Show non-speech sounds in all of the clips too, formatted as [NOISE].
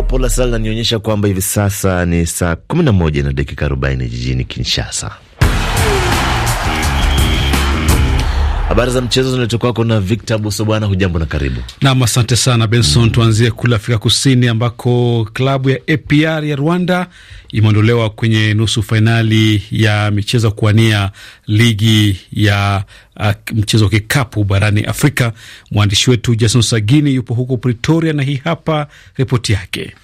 Kopola Sala ananionyesha kwamba hivi sasa ni saa 11 na dakika 40 jijini Kinshasa. Habari za mchezo zinaletwa kwako na Victor Buso. Bwana hujambo na karibu nam. Asante sana Benson. Mm, tuanzie kule Afrika Kusini ambako klabu ya APR ya Rwanda imeondolewa kwenye nusu fainali ya michezo kuania kuwania ligi ya uh, mchezo wa kikapu barani Afrika. Mwandishi wetu Jason Sagini yupo huko Pretoria na hii hapa ripoti yake.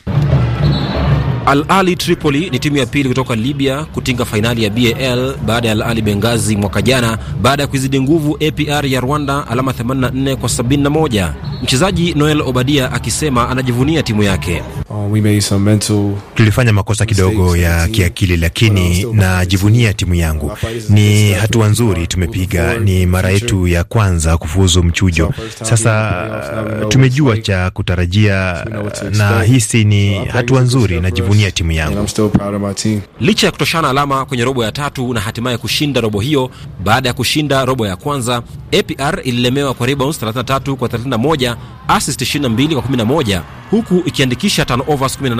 Al Ali Tripoli ni timu ya pili kutoka Libya kutinga fainali ya BAL baada ya Al Ali Bengazi mwaka jana, baada ya kuizidi nguvu APR ya Rwanda alama 84 kwa 71, mchezaji Noel Obadia akisema anajivunia timu yake. Uh, Tulifanya makosa kidogo ya kiakili, lakini najivunia timu uh, yangu. Ni hatua nzuri uh, tumepiga, ni mara yetu ya kwanza kufuzu mchujo. Sasa tumejua cha kutarajia, na hisi ni hatua nzuri. Najivunia timu yangu. Licha ya kutoshana alama kwenye robo ya tatu na hatimaye kushinda robo hiyo, baada ya kushinda robo ya kwanza, APR ililemewa kwa rebounds 33 kwa 31, assist 22 kwa 11, huku ikiandikisha tano overs 18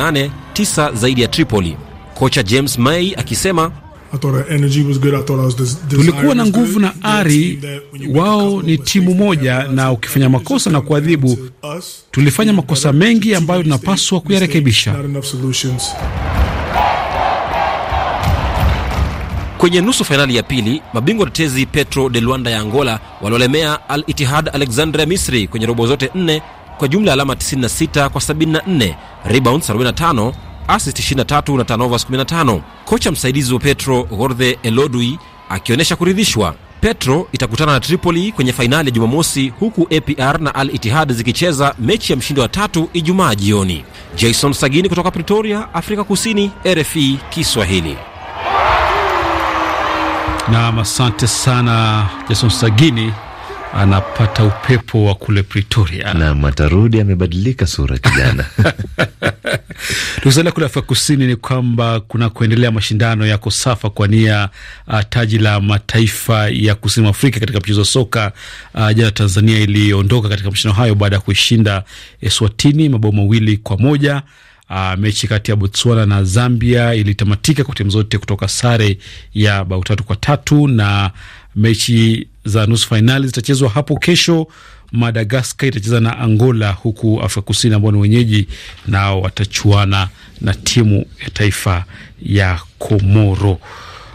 9 zaidi ya Tripoli, kocha James May akisema tulikuwa na nguvu na ari. Wao ni timu moja, na ukifanya makosa na kuadhibu, tulifanya makosa mengi ambayo tunapaswa kuyarekebisha. Kwenye nusu fainali ya pili, mabingwa watetezi Petro de Luanda ya Angola waliolemea Al Itihad Alexandria Misri kwenye robo zote nne kwa jumla ya alama 96 kwa 74, rebounds 45, assists 23 na turnovers 15. Kocha msaidizi wa Petro Gordhe Elodui akionyesha kuridhishwa. Petro itakutana na Tripoli kwenye fainali ya Jumamosi, huku APR na Al Ittihad zikicheza mechi ya mshindi wa tatu Ijumaa jioni. Jason Sagini kutoka Pretoria, Afrika Kusini, RFI Kiswahili. Nam, asante sana Jason Sagini anapata upepo wa kule Pretoria [LAUGHS] na atarudi amebadilika sura kijana. [LAUGHS] Tukisalia kule Afrika Kusini ni kwamba kuna kuendelea mashindano ya Kosafa kwa nia uh, taji la mataifa ya kusini mwa Afrika katika mchezo wa soka uh, jana Tanzania iliondoka katika mashindano hayo baada ya kuishinda eh, Eswatini mabao mawili kwa moja. Uh, mechi kati ya Botswana na Zambia ilitamatika kwa timu zote kutoka sare ya bao tatu kwa tatu na mechi za nusu fainali zitachezwa hapo kesho. Madagaskar itacheza na Angola, huku Afrika Kusini ambao ni wenyeji nao watachuana na timu ya taifa ya Komoro.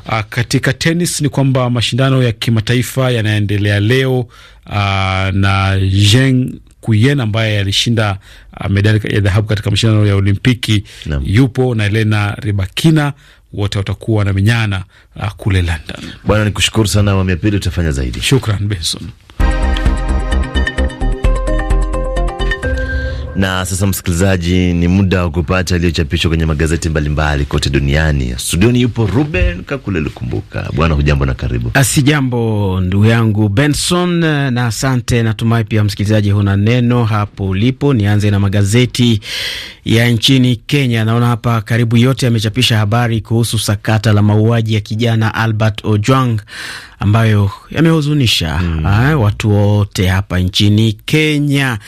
A, ah, katika tenis ni kwamba mashindano ya kimataifa yanaendelea leo a, ah, na jean Kuyen ambaye alishinda ah, medali ya dhahabu katika mashindano ya Olimpiki yupo na Elena ribakina wote watakuwa minyana uh, kule London. Bwana, nikushukuru sana, awamu ya pili utafanya zaidi. Shukran Benson. Na sasa, msikilizaji, ni muda wa kupata aliyochapishwa kwenye magazeti mbalimbali kote duniani. Studioni yupo Ruben Kakule Lukumbuka. Bwana, hujambo na karibu. Si jambo ndugu yangu Benson, na asante. Natumai pia msikilizaji huna neno hapo ulipo. Nianze na magazeti ya nchini Kenya. Naona hapa karibu yote yamechapisha habari kuhusu sakata la mauaji ya kijana Albert Ojwang ambayo yamehuzunisha mm, watu wote hapa nchini Kenya.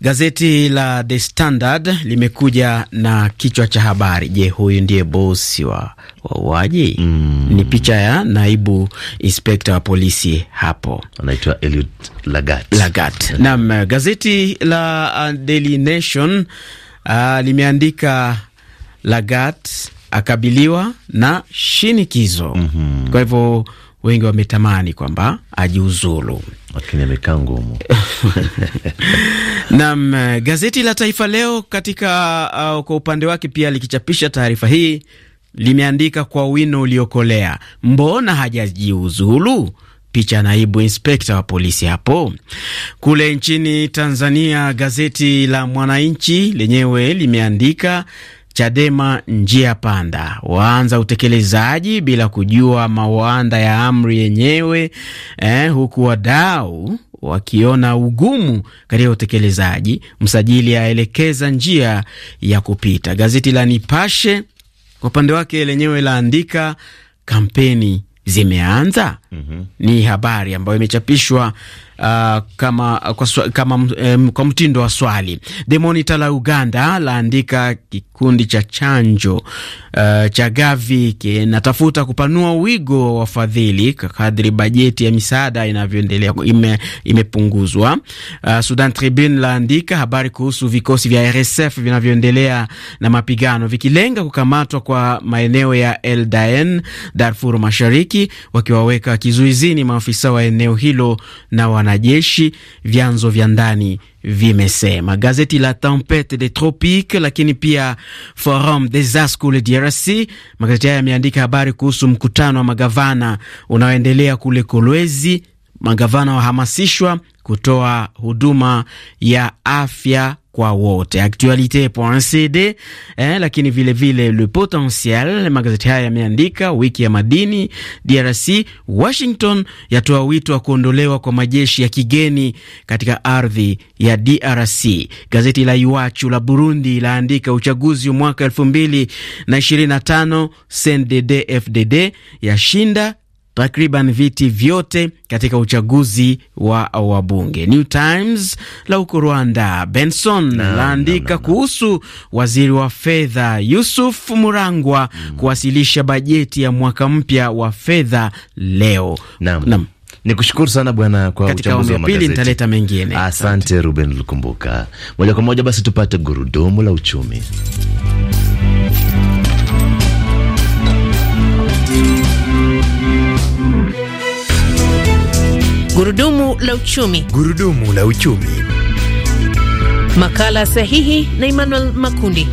Gazeti la The Standard limekuja na kichwa cha habari, je, huyu ndiye bosi wa wauaji? Mm, ni picha ya naibu inspekta wa polisi hapo anaitwa Eliud Lagat. Lagat. Naam, gazeti la uh, Daily Nation uh, limeandika Lagat akabiliwa na shinikizo mm -hmm. Kwa hivyo wengi wametamani kwamba ajiuzulu, lakini amekaa ngumu. [LAUGHS] Naam, gazeti la Taifa Leo katika uh, kwa upande wake pia likichapisha taarifa hii limeandika kwa wino uliokolea, mbona hajajiuzulu? picha ya naibu inspekta wa polisi hapo. Kule nchini Tanzania, gazeti la Mwananchi lenyewe limeandika Chadema njia panda, waanza utekelezaji bila kujua mawanda ya amri yenyewe eh, huku wadau wakiona ugumu katika utekelezaji, msajili aelekeza njia ya kupita. Gazeti la Nipashe kwa upande wake lenyewe laandika kampeni zimeanza? mm -hmm. Ni habari ambayo imechapishwa uh, kama, kwa, kama, um, kwa mtindo wa swali. The Monitor la Uganda laandika kikundi cha chanjo uh, cha Gavi kinatafuta kupanua wigo wa wafadhili kadri bajeti ya misaada inavyoendelea ime, imepunguzwa. Uh, Sudan Tribune laandika habari kuhusu vikosi vya RSF vinavyoendelea na mapigano vikilenga kukamatwa kwa maeneo ya El Darfur Mashariki, wakiwaweka kizuizini maafisa wa eneo hilo na wana wanajeshi, vyanzo vya ndani vimesema. Gazeti la Tempete des Tropiques, lakini pia Forum des As kule DRC, magazeti haya yameandika habari kuhusu mkutano wa magavana unaoendelea kule Kolwezi. Magavana wahamasishwa kutoa huduma ya afya kwa wote. Actualite.cd eh, lakini vilevile vile Le Potentiel, magazeti haya yameandika wiki ya madini DRC. Washington yatoa wito wa kuondolewa kwa majeshi ya kigeni katika ardhi ya DRC. Gazeti la Iwachu la Burundi laandika uchaguzi wa mwaka tano CNDD FDD yashinda takriban viti vyote katika uchaguzi wa wabunge. New Times la huko Rwanda, Benson laandika kuhusu waziri wa fedha Yusuf Murangwa mm, kuwasilisha bajeti ya mwaka mpya wa fedha leo. Naam, naam. Ni kushukuru sana bwana kwa uchambuzi wa magazeti. Nitaleta mengine. Asante Ruben Lukumbuka. Moja kwa moja basi tupate gurudumu la uchumi. Gurudumu la uchumi. Gurudumu la uchumi. Makala sahihi na Emmanuel Makundi.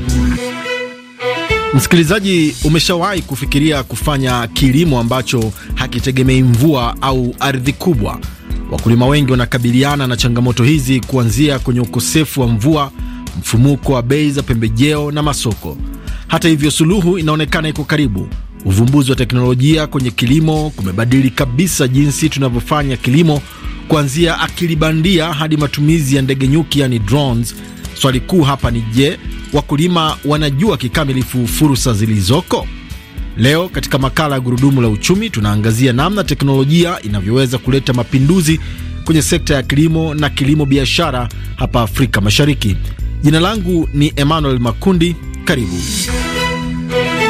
Msikilizaji, umeshawahi kufikiria kufanya kilimo ambacho hakitegemei mvua au ardhi kubwa? Wakulima wengi wanakabiliana na changamoto hizi, kuanzia kwenye ukosefu wa mvua, mfumuko wa bei za pembejeo na masoko. Hata hivyo, suluhu inaonekana iko karibu. Uvumbuzi wa teknolojia kwenye kilimo kumebadili kabisa jinsi tunavyofanya kilimo, kuanzia akili bandia hadi matumizi ya ndege nyuki, yani drones. Swali kuu hapa ni je, wakulima wanajua kikamilifu fursa zilizoko? Leo katika makala ya Gurudumu la Uchumi tunaangazia namna teknolojia inavyoweza kuleta mapinduzi kwenye sekta ya kilimo na kilimo biashara hapa Afrika Mashariki. Jina langu ni Emmanuel Makundi, karibu.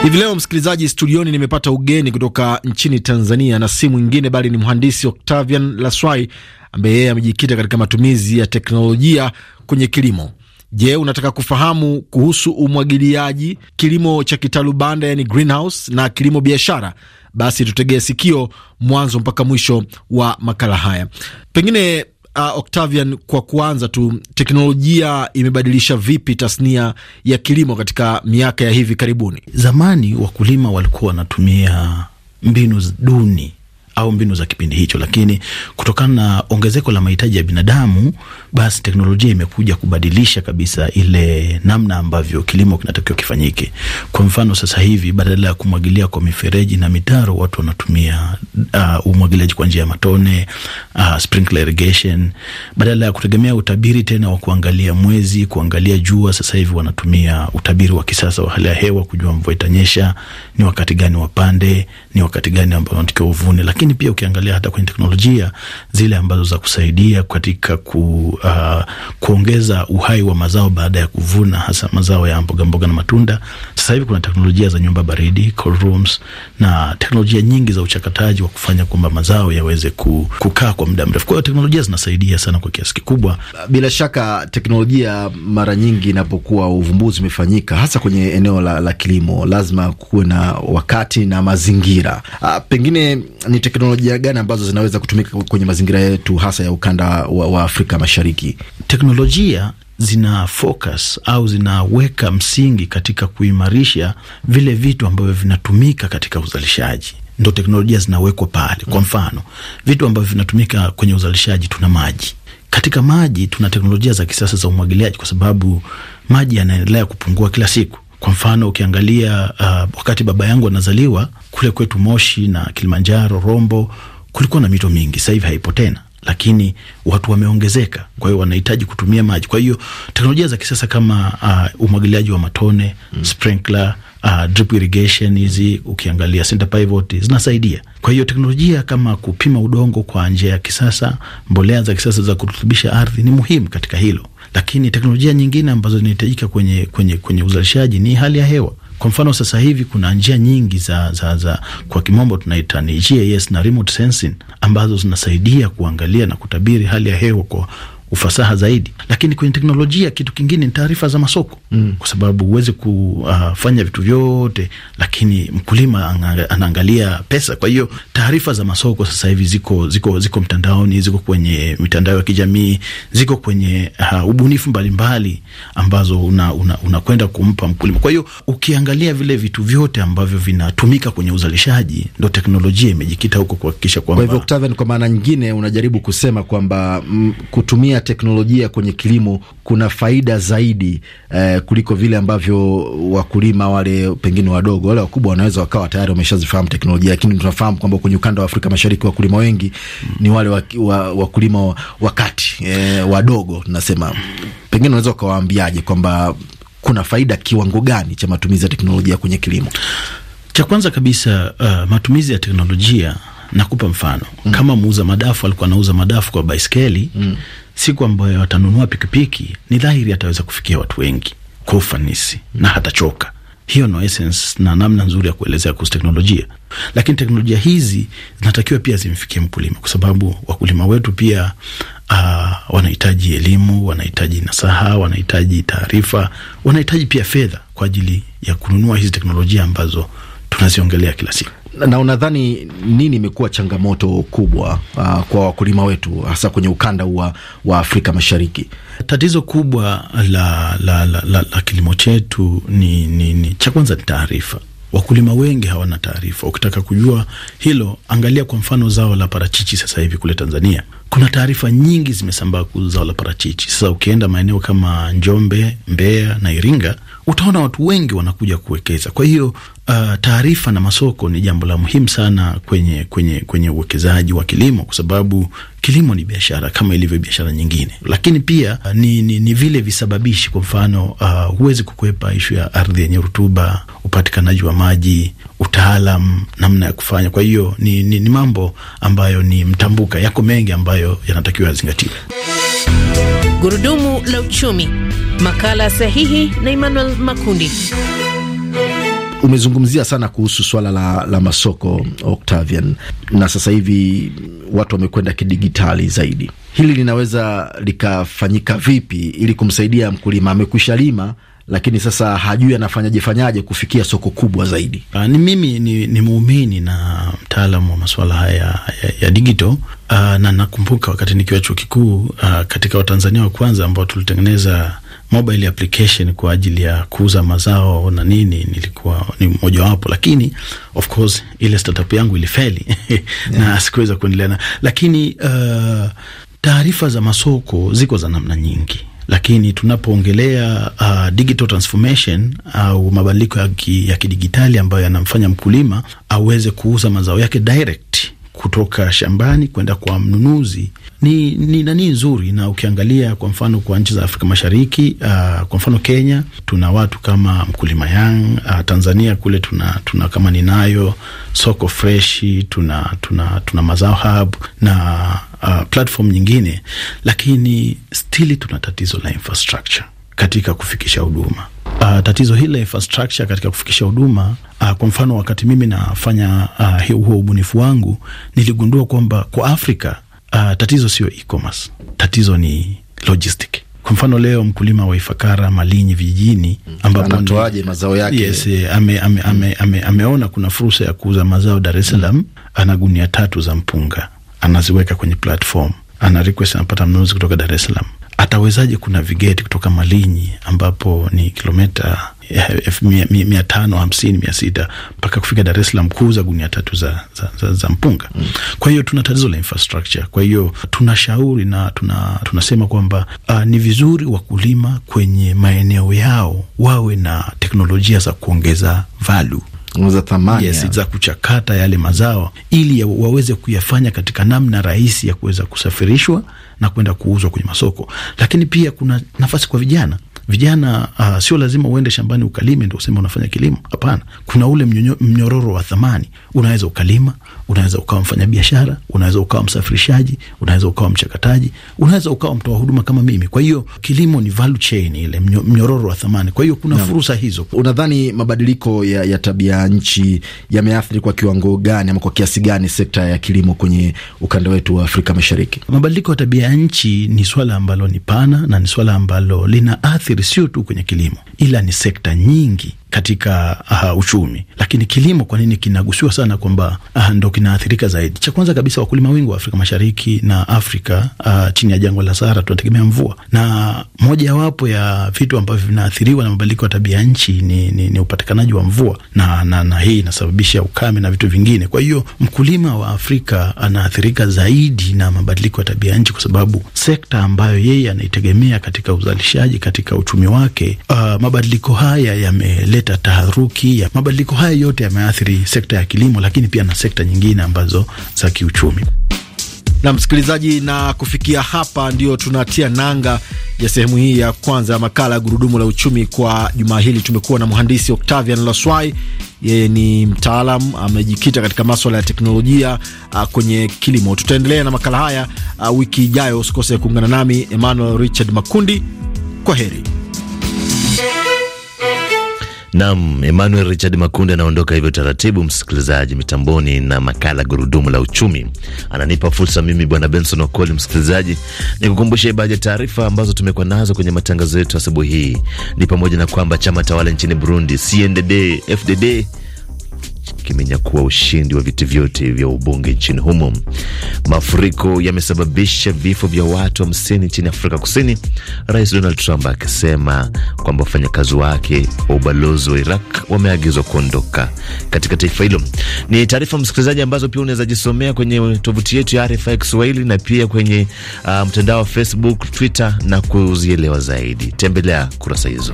Hivi leo msikilizaji, studioni nimepata ugeni kutoka nchini Tanzania na si mwingine bali ni mhandisi Octavian Laswai ambaye yeye amejikita katika matumizi ya teknolojia kwenye kilimo. Je, unataka kufahamu kuhusu umwagiliaji, kilimo cha kitalubanda yani greenhouse, na kilimo biashara? Basi tutegee sikio mwanzo mpaka mwisho wa makala haya. Pengine uh, Octavian, kwa kuanza tu, teknolojia imebadilisha vipi tasnia ya kilimo katika miaka ya hivi karibuni? Zamani wakulima walikuwa wanatumia mbinu duni au mbinu za kipindi hicho, lakini kutokana na ongezeko la mahitaji ya binadamu, basi teknolojia imekuja kubadilisha kabisa ile namna ambavyo kilimo kinatakiwa kifanyike. Kwa mfano, sasa hivi badala ya kumwagilia kwa mifereji na mitaro, watu wanatumia uh, umwagiliaji kwa njia ya matone uh, sprinkler irrigation, badala ya kutegemea utabiri tena wa kuangalia mwezi, kuangalia jua. Sasa hivi wanatumia utabiri wa kisasa wa hali ya hewa, kujua mvua itanyesha, ni wakati gani wapande, ni wakati gani ambao wanatakiwa uvune, lakini lakini pia ukiangalia hata kwenye teknolojia zile ambazo za kusaidia katika ku, uh, kuongeza uhai wa mazao baada ya kuvuna, hasa mazao ya mbogamboga na matunda sasa hivi kuna teknolojia za nyumba baridi cold rooms, na teknolojia nyingi za uchakataji wa kufanya kwamba mazao yaweze kukaa kwa muda mrefu. Kwa hiyo teknolojia zinasaidia sana kwa kiasi kikubwa. Bila shaka teknolojia, mara nyingi inapokuwa uvumbuzi umefanyika, hasa kwenye eneo la, la kilimo, lazima kuwe na wakati na mazingira. A, ah, pengine ni teknolojia gani ambazo zinaweza kutumika kwenye mazingira yetu hasa ya ukanda wa, wa Afrika Mashariki? Teknolojia zina focus au zinaweka msingi katika kuimarisha vile vitu ambavyo vinatumika katika uzalishaji ndo teknolojia zinawekwa pale. Kwa mfano, vitu ambavyo vinatumika kwenye uzalishaji, tuna maji. Katika maji tuna teknolojia za kisasa za umwagiliaji, kwa sababu maji yanaendelea kupungua kila siku. Kwa mfano, ukiangalia uh, wakati baba yangu anazaliwa kule kwetu Moshi na Kilimanjaro, Rombo, kulikuwa na mito mingi, sasa hivi haipo tena lakini watu wameongezeka, kwa hiyo wanahitaji kutumia maji. Kwa hiyo teknolojia za kisasa kama uh, umwagiliaji wa matone mm. sprinkler Uh, drip irrigation hizi ukiangalia center pivot zinasaidia. Kwa hiyo teknolojia kama kupima udongo kwa njia ya kisasa, mbolea za kisasa za kurutubisha ardhi ni muhimu katika hilo, lakini teknolojia nyingine ambazo zinahitajika kwenye, kwenye, kwenye uzalishaji ni hali ya hewa. Kwa mfano sasa hivi kuna njia nyingi za, za, za kwa kimombo tunaita ni GIS na remote sensing ambazo zinasaidia kuangalia na kutabiri hali ya hewa kwa ufasaha zaidi. Lakini kwenye teknolojia, kitu kingine ni taarifa za masoko mm. kwa sababu huwezi kufanya vitu vyote, lakini mkulima anaangalia pesa. Kwa hiyo taarifa za masoko sasa hivi ziko ziko ziko mtandaoni, ziko kwenye mitandao ya kijamii, ziko kwenye uh, ubunifu mbalimbali mbali, ambazo unakwenda una, una kumpa mkulima. Kwa hiyo ukiangalia vile vitu vyote ambavyo vinatumika kwenye uzalishaji, ndo teknolojia imejikita huko kuhakikisha kwamba, kwa hivyo Octavian, kwa maana nyingine unajaribu kusema kwamba mm, kutumia kutumia teknolojia kwenye kilimo kuna faida zaidi eh, kuliko vile ambavyo wakulima wale pengine wadogo, wale wakubwa wanaweza wakawa tayari wameshazifahamu teknolojia, lakini tunafahamu kwamba kwenye ukanda wa Afrika Mashariki wakulima wengi ni wale wakulima wa, wa wakati eh, wadogo. Tunasema pengine unaweza ukawaambiaje kwamba kuna faida kiwango gani cha matumizi ya teknolojia kwenye kilimo? Cha kwanza kabisa uh, matumizi ya teknolojia Nakupa mfano mm. Kama muuza madafu alikuwa anauza madafu kwa baiskeli mm siku ambayo atanunua pikipiki, ni dhahiri ataweza kufikia watu wengi kwa ufanisi na hatachoka. Hiyo no essence na namna nzuri ya kuelezea kuhusu teknolojia. Lakini teknolojia hizi zinatakiwa pia zimfikie mkulima, kwa sababu wakulima wetu pia uh, wanahitaji elimu, wanahitaji nasaha, wanahitaji taarifa, wanahitaji pia fedha kwa ajili ya kununua hizi teknolojia ambazo tunaziongelea kila siku na unadhani nini imekuwa changamoto kubwa uh, kwa wakulima wetu hasa kwenye ukanda wa, wa Afrika Mashariki? Tatizo kubwa la, la, la, la, la kilimo chetu ni, ni, ni cha kwanza ni taarifa. Wakulima wengi hawana taarifa. Ukitaka kujua hilo, angalia kwa mfano zao la parachichi sasa hivi kule Tanzania kuna taarifa nyingi zimesambaa kuhusu zao la parachichi. Sasa ukienda maeneo kama Njombe, Mbeya na Iringa, utaona watu wengi wanakuja kuwekeza. Kwa hiyo uh, taarifa na masoko ni jambo la muhimu sana kwenye kwenye kwenye uwekezaji wa kilimo, kwa sababu kilimo ni biashara kama ilivyo biashara nyingine, lakini pia uh, ni, ni, ni vile visababishi. Kwa mfano, eh, huwezi uh, kukwepa ishu ya ardhi yenye rutuba, upatikanaji wa maji, utaalam, namna ya kufanya. Kwa hiyo ni, ni, ni mambo ambayo ni mtambuka, yako mengi ambayo yanatakiwa yazingatiwe. Gurudumu la Uchumi, makala sahihi na Emmanuel Makundi. Umezungumzia sana kuhusu swala la, la masoko Octavian, na sasa hivi watu wamekwenda kidigitali zaidi. Hili linaweza likafanyika vipi ili kumsaidia mkulima? Amekwisha lima lakini sasa hajui anafanyaje fanyaje kufikia soko kubwa zaidi. Uh, ni mimi ni, ni muumini na mtaalamu wa masuala haya ya, ya digital ah, na nakumbuka wakati nikiwa chuo kikuu ah, katika Watanzania wa kwanza ambao tulitengeneza mobile application kwa ajili ya kuuza mazao na nini, nilikuwa ni mmoja wapo lakini of course ile startup yangu ilifeli [LAUGHS] na sikuweza kuendelea na, lakini uh, taarifa za masoko ziko za namna nyingi lakini tunapoongelea uh, digital transformation au uh, mabadiliko ya kidigitali ambayo yanamfanya mkulima aweze kuuza mazao yake direct kutoka shambani kwenda kwa mnunuzi ni, ni nani nzuri. Na ukiangalia kwa mfano kwa nchi za Afrika Mashariki uh, kwa mfano Kenya tuna watu kama Mkulima Yang uh, Tanzania kule tuna, tuna kama ninayo soko freshi tuna, tuna, tuna mazao hub na uh, platform nyingine, lakini stili tuna tatizo la infrastructure katika kufikisha huduma uh, tatizo hili la infrastructure katika kufikisha huduma uh, kwa mfano wakati mimi nafanya uh, huo ubunifu wangu niligundua kwamba kwa Afrika uh, tatizo sio e-commerce, tatizo ni logistic. Kwa mfano leo mkulima wa Ifakara, Malinyi vijijini, mm. ambapo anatoaje mazao yake? Yes, eh, ame, ame, ame, mm. ame, ameona kuna fursa ya kuuza mazao Dar es Salaam, mm. ana gunia tatu za mpunga anaziweka kwenye platform ana request anapata mnunuzi kutoka Dar es Salaam, atawezaje? Kuna vigeti kutoka Malinyi ambapo ni kilomita eh, eh, mia, mia tano hamsini mia sita mpaka kufika Dar es Salaam kuuza gunia tatu za, za, za, za mpunga mm. Kwa hiyo tuna tatizo la infrastructure. Kwa hiyo tunashauri na tuna, tunasema kwamba uh, ni vizuri wakulima kwenye maeneo yao wawe na teknolojia za kuongeza value za thamani yes, za kuchakata yale mazao ili ya waweze kuyafanya katika namna rahisi ya kuweza kusafirishwa na kwenda kuuzwa kwenye masoko. Lakini pia kuna nafasi kwa vijana vijana uh, sio lazima uende shambani ukalime ndo useme unafanya kilimo. Hapana, kuna ule mnyonyo, mnyororo wa thamani. Unaweza ukalima, unaweza ukawa mfanyabiashara, unaweza ukawa msafirishaji, unaweza ukawa mchakataji, unaweza ukawa mtoa huduma kama mimi. Kwa hiyo kilimo ni value chain, ile mnyororo wa thamani. Kwa hiyo kuna na fursa hizo. Unadhani mabadiliko ya, ya tabia nchi yameathiri kwa kiwango gani ama kwa kiasi gani sekta ya kilimo kwenye ukanda wetu wa Afrika Mashariki? Mabadiliko ya tabia ya nchi ni swala ambalo ni pana na ni swala ambalo lina athiri kuathiri sio tu kwenye kilimo, ila ni sekta nyingi katika uh, uchumi. Lakini kilimo, kwa nini kinagusiwa sana kwamba uh, ndo kinaathirika zaidi? Cha kwanza kabisa, wakulima wengi wa Afrika Mashariki na Afrika uh, chini ya jangwa la Sahara tunategemea mvua, na mojawapo ya vitu ambavyo vinaathiriwa na mabadiliko ya tabia nchi ni, ni, ni upatikanaji wa mvua na, na, na hii inasababisha ukame na vitu vingine. Kwa hiyo mkulima wa Afrika anaathirika zaidi na mabadiliko ya tabia nchi, kwa sababu sekta ambayo yeye anaitegemea katika uzalishaji, katika uchumi wake, uh, mabadiliko haya yame kuleta taharuki ya mabadiliko haya yote yameathiri sekta ya kilimo, lakini pia na sekta nyingine ambazo za kiuchumi. Na msikilizaji, na kufikia hapa ndio tunatia nanga ya sehemu hii ya kwanza ya makala ya gurudumu la uchumi kwa jumaa hili. Tumekuwa na mhandisi Octavian Laswai, yeye ni mtaalam amejikita katika maswala ya teknolojia a, ah, kwenye kilimo. Tutaendelea na makala haya a, ah, wiki ijayo. Usikose kuungana nami Emmanuel Richard Makundi. Kwa heri. Nam Emmanuel Richard Makunde anaondoka hivyo taratibu, msikilizaji mitamboni na makala gurudumu la uchumi. Ananipa fursa mimi bwana Benson Okoli, msikilizaji, ni kukumbusha baadhi ya taarifa ambazo tumekuwa nazo kwenye matangazo yetu asubuhi hii. Ni pamoja na kwamba chama tawala nchini Burundi CNDD FDD kimenyakua ushindi wa viti vyote vya ubunge nchini humo. Mafuriko yamesababisha vifo vya watu hamsini nchini Afrika Kusini, Rais Donald Trump akisema kwamba wafanyakazi wake wa ubalozi wa Iraq wameagizwa kuondoka katika taifa hilo. Ni taarifa msikilizaji, ambazo pia unaweza jisomea kwenye tovuti yetu ya RFI Kiswahili na pia kwenye uh, mtandao wa Facebook, Twitter na kuzielewa zaidi, tembelea kurasa hizo.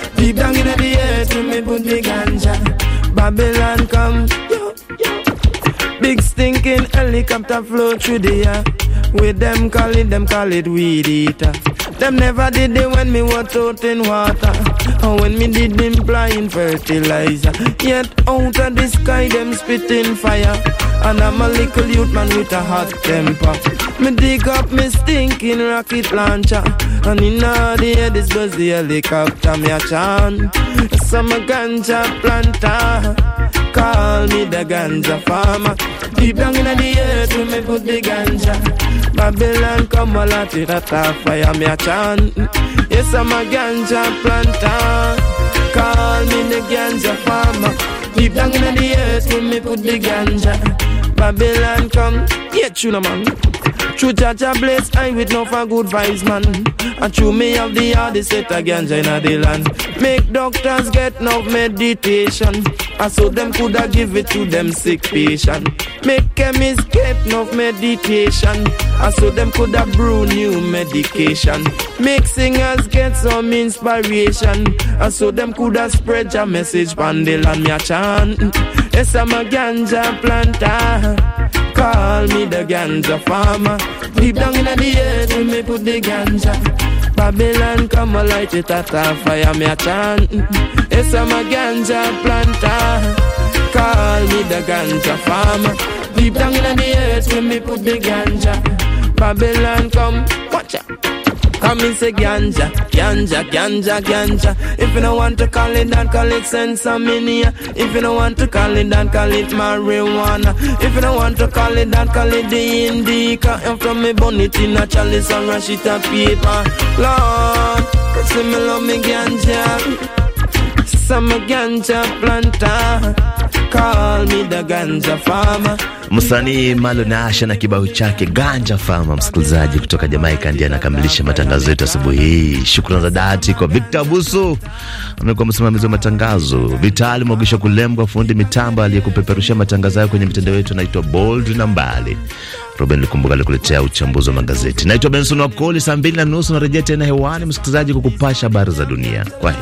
for me put me ganja. Babylon come, Big stinking helicopter flow through the air. With them call it, them call it weed eater. Them never did it when me was out in water. Or when me did them flying fertilizer. Yet out of the sky, them spitting fire. And I'm a little youth man with a hot temper. Me dig up me stinking rocket launcher. And in all the air, this was the helicopter, me a chant. Some ganja planter. Call me the ganja farmer. Deep down in the earth, we me put the ganja. Babylon come a lot, in a fire, me a chant. Yes, I'm a ganja planter. Call me the ganja farmer. Deep down in the earth when me put the ganja Babylon come, yeah, you know man True Jaja bless I with no for good vibes, man. And true me of the hardest set again, China the land. Make doctors get no meditation. And so them coulda give it to them sick patient. Make them get no meditation. And so them coulda brew new medication. Make singers get some inspiration. And so them coulda spread your message, Bandel and me a chant. Yes, I'm a ganja planter call me the ganja farmer. Deep down in the earth, when me put the ganja. Babylon come and light it at a fire, me a chant. Yes, I'm a ganja planter. Call me the ganja farmer. Deep down in the earth, when me put the ganja. Babylon come, watch out. Come and say ganja, ganja, ganja, ganja. If you don't want to call it then call it sensaminia. If you don't want to call it then call it marijuana. If you don't want to call it then call it the indica. And from me bonnet in a chalice and rush it a paper. Lord, say me love me ganja. some ganja ganja call me the farmer Msanii na Asha na kibao chake Ganja Fama. Msikilizaji kutoka Jamaika ndiye anakamilisha matangazo yetu asubuhi hii. Shukrani za dhati kwa Victor Busu, amekuwa msimamizi wa matangazo, Vitali Mwagisha Kulembwa fundi mitambo aliyekupeperushia matangazo hayo kwenye mitandao yetu, anaitwa Bold na Mbali. Ruben Likumbuka alikuletea uchambuzi wa magazeti. Naitwa Benson Wakoli. Saa mbili na nusu narejea tena hewani, msikilizaji, kukupasha habari za dunia. Kwa heri.